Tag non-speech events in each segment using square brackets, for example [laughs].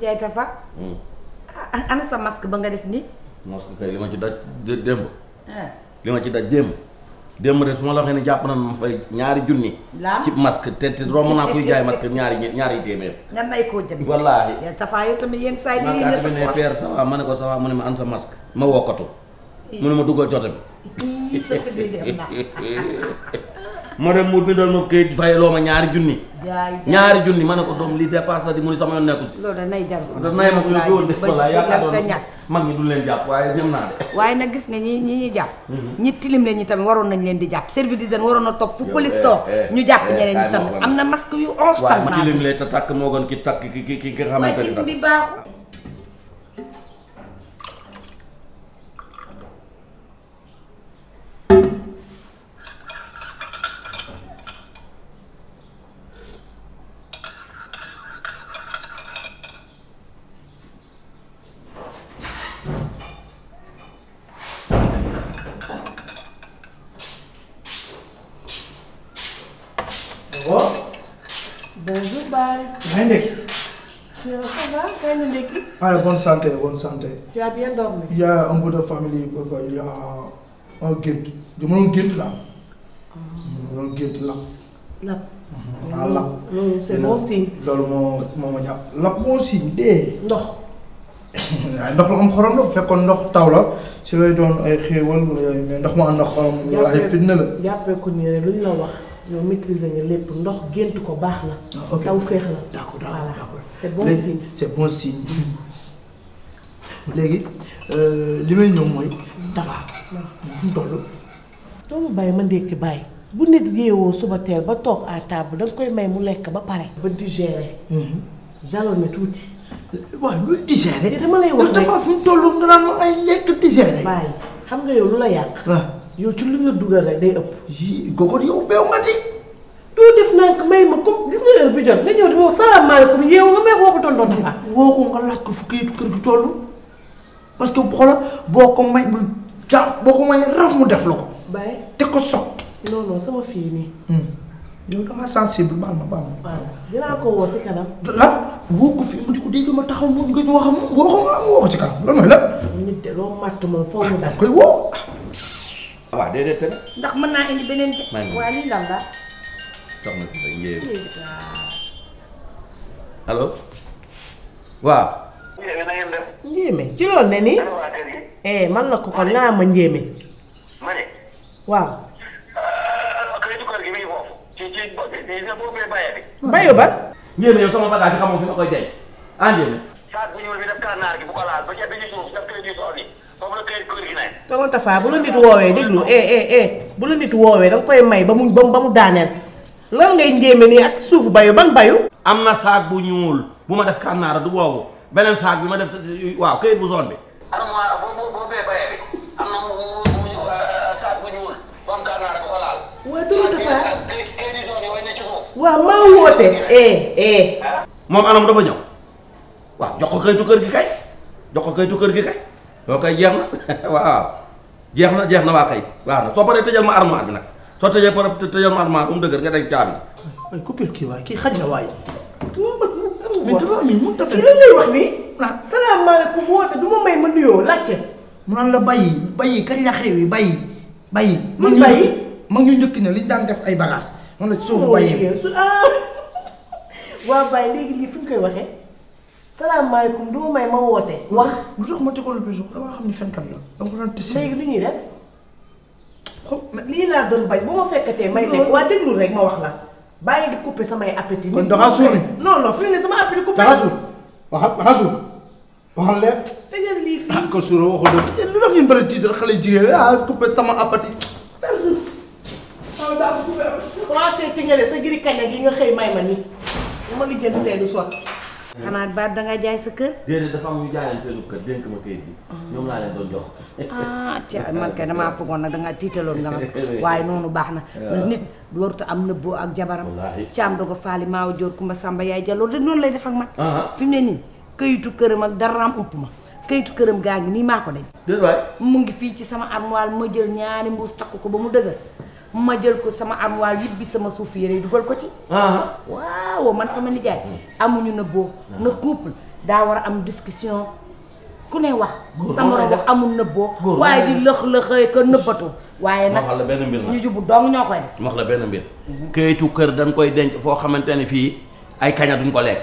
Ndiaye Tafa. Hmm. Ah, ana sa masque ba nga def nii. masque kay li ma ci daj démb. Eh. li ma ci daj démb. démb de su ma la waxee ne jàpp nañu ñaari junni. ci masque te te romb naa kuy jaay masque ñaari ñaari téeméer. nga nay koo jënd. wallaahi Tafa yow tamit yenn saa yi ñu ngi ne père ça ma ne ko ça va mu ne ma an sa masque. ma wokkatu. mu ne ma duggal cote [laughs] ma dem mu bindal ma këyit fayaloo ma ñaari junni. ñaari junni ma ne ko doom li dépassé di mu ni sama yoon nekkul si. mag ñi du leen jàpp waaye ñem naa de. waaye nag gis nga ñi ñi ñuy jàpp. Mhm. ñi tilim leen ñi tamit waroon nañ leen di jàpp service d'hygiène waroon na topp fu police eh, toog eh, ñu jàpp eh, ñeneen ñi tamit am na masque yu onze tam. waaw tilim leen te takk moo gën ki takk ki ki ki nga xamante ni bi baaxul yaa ngi ndekki. ça va yaa ngi ndekki. ah bonne santé bonne santé. tu as bien dormi. il y a un a un doon gént la dama doon gént lap. lap. ah lap. c'est bon signe. loolu moo moo ma jàpp lap moo signe dee. ndox. waaye [laughs] ndox la am xorom la fekkoon ndox taw la si lay doon ay xéewal wala yooyu mais ndox mu ànd ak xorom. wala ay fitna la yow maîtriser nga lépp ndox gént ko baax na. Ah, taw féex la d'accord d'accord c'est bon signe c'est bon signe. léegi euh, li may ñëw mooy Tapha. Ah. fu mu toll. doomu bàyyi bu nit suba teel ba toog à table da koy may mu lekk ba pare. ba digérer. Mhm. jalonné tuuti. waaw lu digérer. dama lay wax rek Tapha fu mu toll nga naan ay lekk digérer. bàyyi xam nga yow lu la yàq. Ah. yow ci lu ñu dugal rek day ëpp. yii gogo yow beew nga di. doo def naa may ma comme gis nga heure bi jot nga ñëw di ma wax salaamaaleykum yeewu ko tonton Tafa. woo nga laaj ko fu kër gi toll parce que xoolal boo ko may bul jàpp boo ko may raf mu def la ko. bàyyi ko soog. non non sama fii nii. Hmm. yow damaa sensible baal ma baal ma. waaw dinaa ko fi mu di ko dégg ma taxaw mu nga ñu ko nga am woo ko ci kanam lan mooy lan. nit de loo màtt moom foo mu koy woo. waaw déedéet tamit. ndax mën naa indi beneen ji. waaye lii lan la. soxna si rek ngeen. allo. ci loolu ne nii. eh man la ko kon naa ma njéeme. waaw. bayu ba. njéeme yow sama bagage xamoo fi ma koy jaay ah njéeme. saak bu ñuul bi def kanaar gi bu ko laal ba ca bi ñu suuf def kër gi soxni. tonton Tafa bu la nit woowee déglu eh eh eh bu la nit woowee da koy may ba mu ba mu daaneel lan ngay njéeme nii ak suuf bayu ban bayu. am na saag bu ñuul bu ma def kànnaara du woowu beneen saag bi ma def bu zone bi. armoire boo boo bee bayee euh, ñuul bu kànnaara bu ko laal. waaw woote eh eh. Ah. moom anam dafa ñëw waaw jox ko kër gi kay jox ko kër gi kay. soo koy jeex na [laughs] waaw jeex na jeex na waa kay baax na soo paree tëjal ma armoire bi nag soo tëjee pare tëjal ma armoire ba mu dëgër nga denc caabi. waaye coupure kii waay kii xaj na waay. mais dafa am mu dafa lan lay wax nii. naan salaamaaleykum woote du ma may ma nuyoo laajte. mu naan la bàyyi bàyyi kañ la xew yi bàyyi. bàyyi man bàyyi mag ñu njëkk ne liñ daan def ay bagages. man la suufu bàyyi. Oh, [laughs] waaw bàyyi léegi lii fu ñu koy waxee. salaamaaleykum du ma may ma woote. wax lu tax ma tegul bisu damaa xam ni fenkat la. dama ko doon tës léegi lu ñuy def. xaw lii laa doon bañ bu ma fekkatee may lekk waa déglu rek ma wax la bàyyi di couper samay appétit. kon da ngaa sama appétit coupé. da ngaa suur waxal ah, ko suur waxul doon. lu tax ñu bëri tiital xale jigéen ah coupé sama appétit. sa giri kaña gi nga xëy may ma nii bu ma lijjanti tey du sotti. xanaa baat da nga jaay sa kër. déedéet dafa am ñu jaayoon seenu kër dénk ma kayit bi. ñoom laa leen doon jox. ah ca man kay damaa foogoon nag da ngaa tiitaloon nga ma sax [laughs] waaye noonu baax na. waaw nit warut am nëbboo ak jabaram. wallaahi Thiam Dogo Faly Maaw ku ma sàmba yaay Jallo de noonu lay def ak man. Ah. fi mu ne nii kayitu këram ak daraam ëpp ma. kayitu këram gaa ngi nii maa ko denc. mu ngi fii ci sama armoire ma jël ñaari mbuus takk ko ba mu dëgër ma jël ko sama armoire yibbi sama suuf yére dugal ko ci. Ah. waaw man sama nijaay. Hmm. amuñu nëbboo. Hmm. na couple daa war a am discussion ku ne wax. sama robo amul nëbboo. waaye di lëx lëxee ko nëbbatu. waaye nag ñu jubu dong ñoo koy def. wax la benn mbir. Hmm. kayitu kër dañ koy denc foo xamante ne fii ay kaña duñ ko lekk.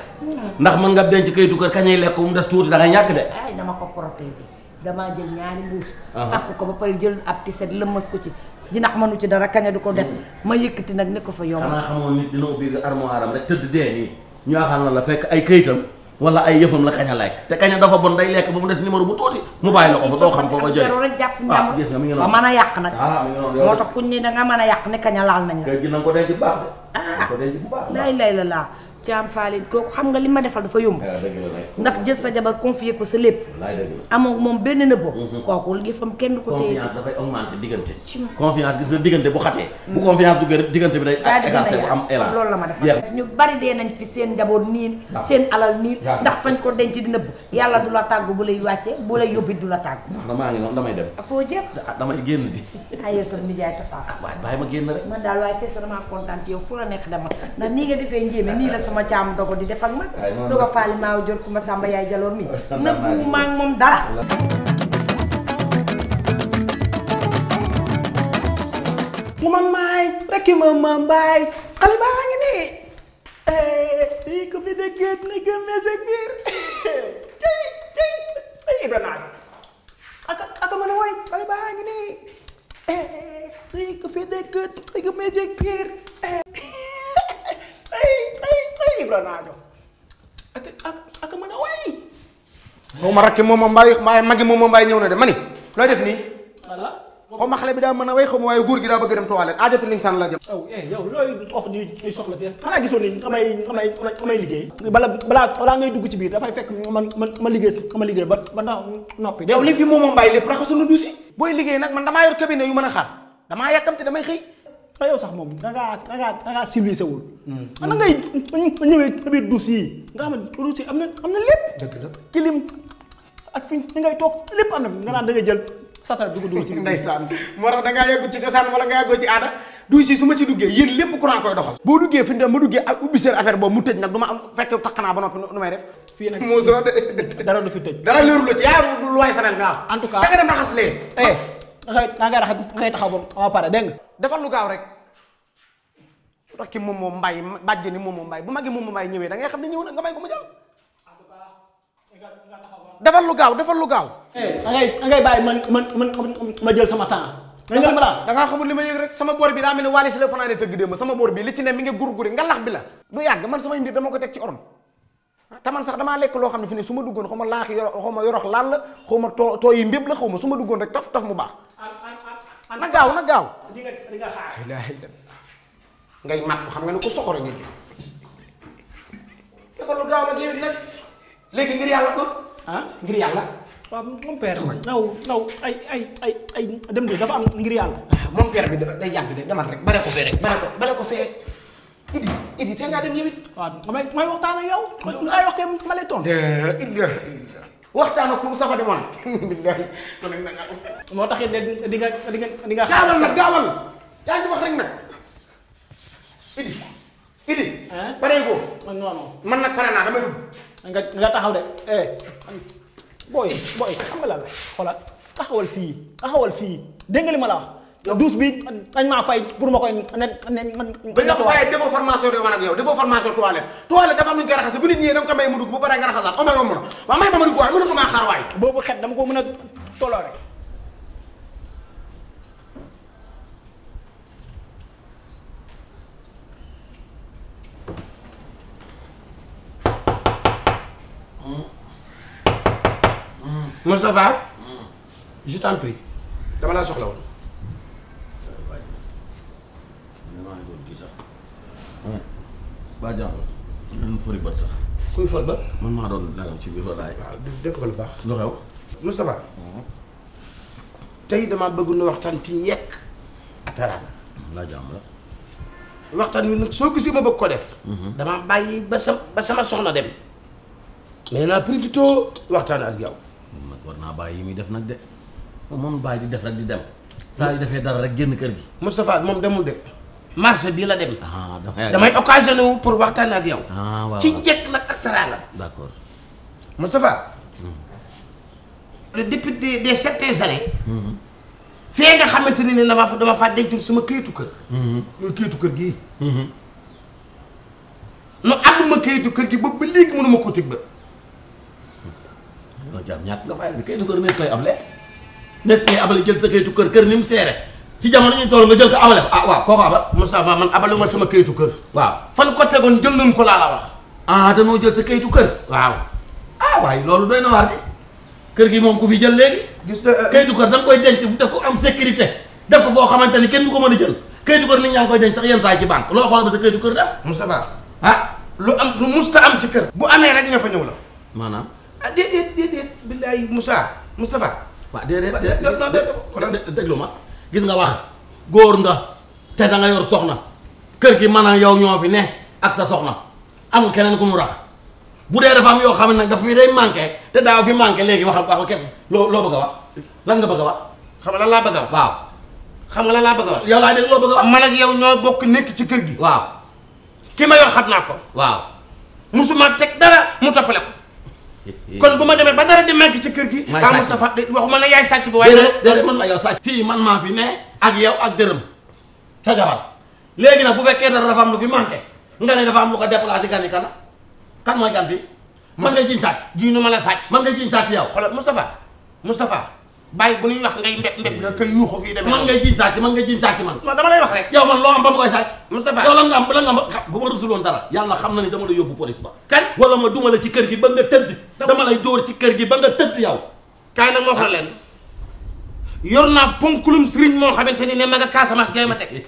ndax mën nga denc kayitu kër kañay lekk mu des tuuti da ñàkk de. ay dama ko protéger damaa jël ñaari mbuus. takk ko ba pare jël ab tiset lëmmas ko ci. jinax mënu ci dara kaña di ko def hmm. ma yëkkati nag ne ko fa yomb xanaa xamoon nit dina ubbi armoire am rek tëdd dee nii ñu waxal na la fekk ay këyitam wala ay yëfam la kaña lekk te kaña dafa bon day lekk ba mu des numéro bu tuuti mu bàyyi la ko fa doo xam foo ko jëlee rek jàpp ah gis nga mi a yàq nag ah, moo tax kuñ nii da nga mën a yàq ne kaña laal nañ la kër gi ko denc baax de ko denc bu baax ah. lay lay la laa caam faaleen kooku xam nga li ma defal dafa yomb ah, ndax jël sa jabar mm-hmm. confiance dafay augmenter diggante confiance gis na diggante bu xatee mm. bu confiance duggee diggante bi day écarté am élan la ma defal ñu bari dee nañ fi seen njaboot niin seen alal niin ndax fañ ko denc di nëbb yàlla du la tàggu bu lay wàcce bu lay yóbbi du la tàggu maa ngi noonu damay dem ah, foo jëm ah, damay génn di ah yow nijaay tafa waaye bàyyi ma génn rek man daal waaye te ma caam dogo di def [laughs] ak man dogo faali ma sàmba yaay moom ma ma xale baa ngi nii eh, lii ko fi dëkkee [laughs] eh, lii ko fi dëkkee biir Ibra naajo ak ak ak a waay. moom ma rakki moom mbaay maay moom mbaay ñëw na de ma ni looy def nii. voilà ma xale bi daa mën a way xaw waaye góor gi daa bëgg dem toilette aajatul insaan la jëm. waaw eh gisoon ni damay damay liggéey. bala balaa balaa ngay dugg ci biir dafay fekk man ma liggéey ma liggéey ba ba noppi. yow li moom mbaay lépp raxasul na duusi. booy liggéey nag man damaa yor cabinet yu mën a xaar damaa yàkkamte damay xëy a yow sax moom dangaa dangaa dangaa civilisé wul. Hmm, hmm. ana ngay ñëwee nga xam ne na am na lépp. dëgg la clim ak fi ngay toog lépp am na fi nga naan dangay jël satala dugg dugg ci biir. aada douche yi su ma ci duggee yéen lépp courant koy doxal. boo duggee fi mu ma duggee ak ubbi seen affaire boobu mu tëj nag du ma am fekk takk naa ba noppi nu may def. fii nag mu soo dara du fi tëj. dara leerul la ci yaa lu waay sanal nga am. en da ngay raxas taxaw ba pare dégg nga. defal lu gaaw rek rakki moom moo mbay bàjj moom moo mbay bu moom moo ñëwee da xam ne ñëw na nga may ko mu jàll. lu gaaw defal lu gaaw. Eh, da ma jël sama temps. mais ngeen ma la da ngaa xamul li ma yëg rek sama boor bi daa mel ne waali si la fanaane tëgg démb sama boor bi li ci ne mi ngi gurguri nga lax bi la du yàgg man samay mbir dama ko teg ci orom te sax damaa lekk loo xam ne fi ne su ma duggoon xaw ma laax yoro xaw ma yorox laal la xaw ma too tooyi mbéb la xaw ma su ma duggoon rek taf taf mu baax na gaaw na gaaw. di nga di nga xaar. ngay mat xam nga ne ko soxore nit ñi. defal lu gaaw nag yow nag léegi ngir yàlla ko. ah ngir yàlla. waaw moom père. naw naw ay ay ay ay dem de dafa am ngir yàlla. Ah, moom père bi day yàgg de demal rek bare ko fee rek. bare ko bare ko fee. Idi Idi te ngaa dem yow it. may may waxtaan yow. ma ngay wax kay waxtaan ak ku safa di man billahi kon moo taxit di nga di nga di nga gaawal nag gaawal yaa ngi wax rek nag idi idi pare ko non non man nag pare naa damay dugg nga nga taxaw de eh. booy booy xam nga la la xoolal taxawal fii taxawal fii dégg nga ma la douze bi dañ maa fay pour ma koy ne. dañ la ko fayee defoo formation de man yow defoo formation toilette toilette dafa am lu bu nit ñëwee da may mu dugg ba pare nga raxasaat omo yow a waaw may ma ma dugg waaye mën na ko maa xaar waay. boobu xet dama a toloore. Hmm. Hmm. Hmm. laa soxla woon. fëri bët sax. kuy for bët. man maa doon nelaw ci biir walaay. waaw def ko lu baax. lu xew. Moustapha. Mhm. tey damaa bëgg nu waxtaan ci ñekk ataraana. la. waxtaan wi nag soo gisee ma bëgg ko def. Mhm. damaa bàyyi ba sama soxna dem. mais naa profité waxtaan ak yow. moom nag war naa bàyyi yi muy def nag de moom bàyyi di def rek di dem. saa yu defee dara rek génn kër gi. Moustapha moom demul de. marché bii la dem. Ah, damay occasionné wu pour waxtaan ak yow. Ah, ci njëkk nag ak teraanga. d'accord Moustapha. Hmm. depuis des des certaines années. Hmm. fee nga xamante ne ni dama fa dama faa denc sama këyitu kër. mooy hmm. këyitu kër gi nu ma këyitu kër gi boobu ba léegi mënuma ko tëj ba. loolu jàpp ñàkk nga la bi këyitu jël sa kër kër ni mu seere ci jamono ñu toll nga jël ko abale ko ah waaw kooku abal Moustapha man abaluma sama kayitu kër waaw fan ko tegoon jël nañ ko laa la wax ah danoo jël sa kayitu kër waaw ah waaye loolu doy na waar kër gi moom ku fi jël léegi gis nga euh, kayitu kër da nga koy denc def ko am sécurité def ko foo xamante ni kenn du ko mën a jël kayitu kër nit ñaa ngi koy denc sax yenn saa ci banque loo xool ba sa kayitu kër da Moustapha ah lu am lu musta am ci kër bu amee rek ña fa ñëw la maanaam ah déedéet déedéet billaay Moussa Moustapha waaw déedéet déedéet déglu ma gis nga wax góor nga te da yor soxna kër gi maanaam yow ñoo fi ne ak sa soxna amul keneen ku mu rax bu dee dafa am yoo xam ne nag dafa fi day manqué te daaw fi manqué léegi waxal wax ko kese loo loo bëgg a wax lan nga bëgg a wax. xam nga la laa bëgg a wax. waaw xam nga lan laa bëgg a wax. yow laa loo bëgg a wax. man ak yow ñoo bokk nekk ci kër gi. waaw ki ma yor xam naa ko. waaw musuma teg dara mu toppale ko. [laughs] kon bu ma demee ba dara di manqué ci kër gi. maay sàcc Moustapha waxuma la yaay sàcc ba waaye. déedéet man la yow sàcc. fii man maa fi ne ak yow ak dërëm sa jabar léegi nag bu fekkee dara dafa am lu fi manqué nga ne dafa am lu ko déplacé laa yi kan kana kan mooy kan fii. man ngay jiñ sàcc. jiñu ma la sàcc. man ngay jiñ sàcc yow. xoolal Moustapha Moustapha bàyyi bu ñuy wax ngay mbéb mbéb nga koy yuuxu gi demee man ngay jiñ sàcc man ngay jiñ sàcc man non dama rek yow man loo am ba ma koy sàcc Moustapha yow lan nga bu ma rusuloon dara yàlla xam na ni dama la yóbbu police ba kan wala ma duma la ci kër gi ba nga tëdd dama lay dóor ci kër gi ba nga tëdd yow kaay nag moo xam ah. leen yor naa ponkulum sëriñ moo xamante ni ne ma nga Casamance ngay ma teg [laughs]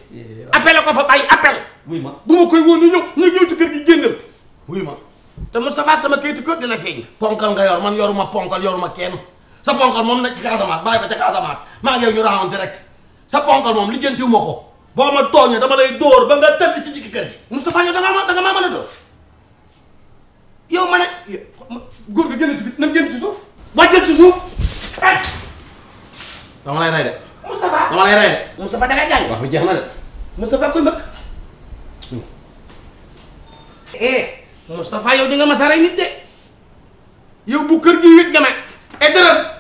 appelé ko fa bàyyi appel ma bu ma koy woon ñu ñëw nga ñëw ci kër gi génnal wuy ma te Moustapha sama kayitu kër dina feeñ ponkal nga yor man ma yoruma ponkal ma kenn sa ponkal moom na ci Casamance bàyyi ko ca Casamance maa ngi ñu raxoon direct sa ponkal moom lijjantiwu ma ko boo ma tooñee dama lay dóor ba nga tëdd ci digg kër gi Moustapha yow da nga ma da nga maa mën a dóor yow ma ne góor bi eh! dama lay rey de Moustapha dama gaañ wax bi jeex na de Moustapha koy mbëkk hmm. eh Moustapha yow di nga mas rey nit de yow bu kër gi nga ma et dërëm